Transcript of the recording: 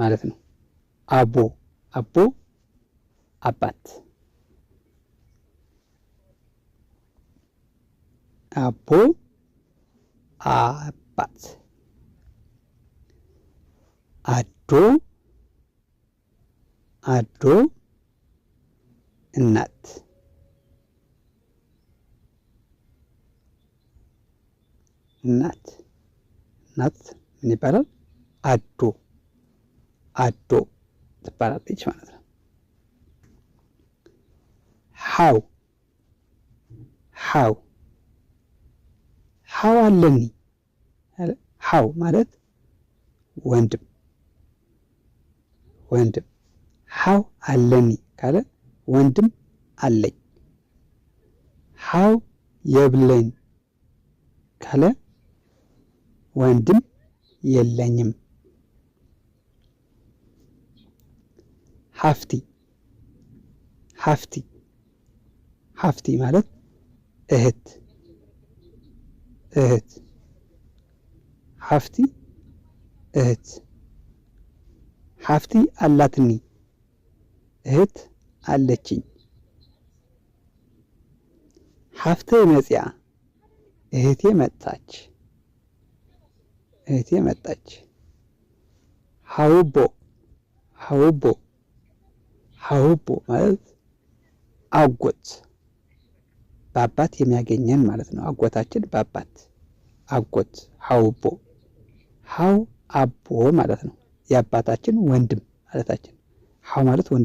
ማለት ነው። አቦ አቦ አባት አቦ አባት አዶ አዶ እናት እናት እናት ምን ይባላል? አዶ አዶ ትባላለች ማለት ነው። ሀው ሀው ሀው አለኒ ሀው ማለት ወንድም ወንድም ሀው አለኒ ካለ ወንድም አለኝ። ሀው የብለኝ ካለ ወንድም የለኝም። ሀፍቲ ሀፍቲ ሀፍቲ ማለት እህት እህት ሀፍቲ እህት ሀፍቲ አላትኒ እህት አለችኝ። ሀፍተ መጽያ እህቴ መጣች እህቴ መጣች። ሀውቦ ሀውቦ ሀውቦ ማለት አጎት በአባት የሚያገኘን ማለት ነው። አጎታችን በአባት አጎት ሀውቦ ሀው አቦ ማለት ነው። የአባታችን ወንድም ማለታችን ሀው ማለት ወንድም